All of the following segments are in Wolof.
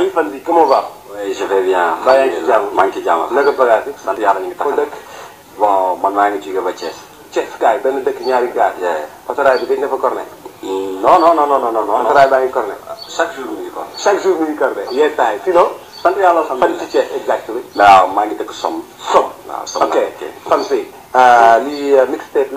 Salut Fandi, comment on va Oui, je vais bien. maa ngi ci jàmm maa ngi ci jàmm. naka bagaas yi. sant yàlla ñu ngi taxaw man maa ngi ci ba Thiès. Thiès kaay benn dëkk ñaari gaar. autorail bi dañ dafa corné. Mm, non non non non non non. autorail baa ngi corné. chaque jour mi ngi corné. chaque jour mi ngi corné. yéen taay sinon. sant yàlla sant fan ci Thiès exactement. waaw maa ngi dëkk Somme. Somme waaw Somme ok fan si. Mm. Ah, lii euh, mixtape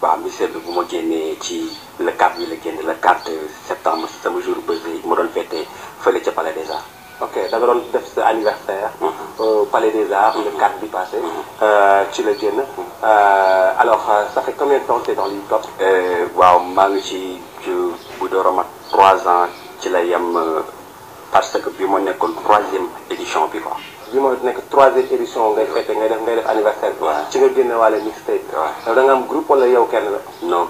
waaw monsieur bi bu ma génnee ci le 4 bi la génne le 4 septembre si sama jour bés yi ma doon fêté fële ca Palais des Arts. ok da nga doon def sa anniversaire. Palais des Arts le 4 mhm. bi passé. ci la génn. alors euh, ça fait combien de temps que dans le hip hop. Euh, waaw maa ngi ci bu door a mat 3 ans ci la yem. Euh, parce que bi moo nekkoon troisième édition bi quoi. bi moo nekk troisième édition ngay fête ngay def ngay def anniversaire bi. ci nga génne waale mixtape. waaw da nga am groupe wala yow kenn la. non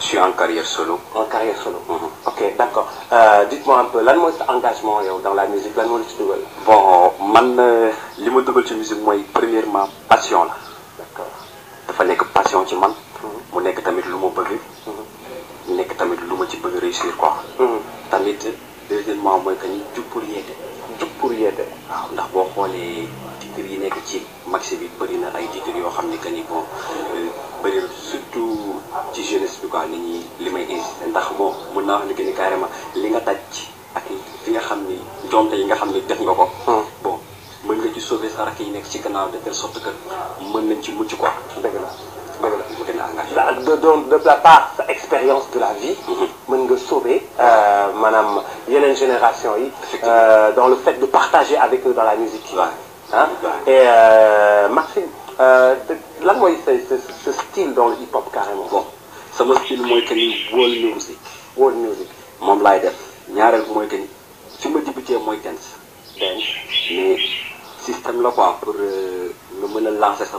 je suis en carrière solo. en carrière solo. Mm-hmm. ok d' accord euh, dites-moi un peu lan mooy sa engagement yow dans la musique lan moo la ci dugal. bon man euh, li ma dugal ci musique mooy premièrement passion la. d' accord dafa nekk passion ci man. Mm-hmm. mu nekk tamit lu ma bëgg. Mm-hmm. nekk tamit lu ma ci bëgg réussir quoi. tamit. deuxièmement mooy que ni jub pour yeete. jub pour yeete. waaw ndax boo xoolee titres yi nekk ci marché bi bëri na ay titres yoo xam ne que ni bon euh, bëri surtout ci jeunesse bi quoi nit ñi li may insisté ndax boo mun naa wax ni que ni li nga ci ak fi nga xam ni ndomte yi nga xam ni def nga ko. Hmm. bon mën nga ci sauver sa rakk yi nekk ci gannaaw de telle sorte que mën nañ ci mucc ko dëgg la dëgg mu gën a engagé. la de de part sa expérience de la vie. Mm-hmm. mën nga sauver manam une génération dans le fait de partager avec eux dans la musique hein? et euh, Maxime euh, c'est ce style dans le hip hop carrément bon style que world music world music moom laay def ñaareel bi que ma dance système pour euh, lancer sa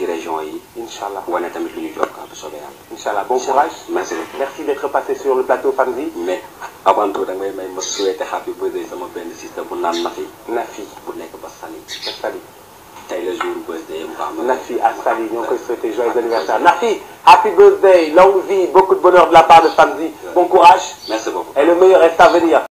ci région yi inshallah tamit lu ñu bu bon courage merci merci d'être passé sur le plateau Fanzi mais avant tout da ngay may ma souhaiter happy birthday sama benn sister bu naan Nafi Nafi bu nekk ba Sali ba Sali tey jour birthday mu xam Nafi ak ñoo koy joyeux anniversaire Nafi happy birthday longue vie beaucoup de bonheur de la part de Fanzi bon courage merci beaucoup et le meilleur est à venir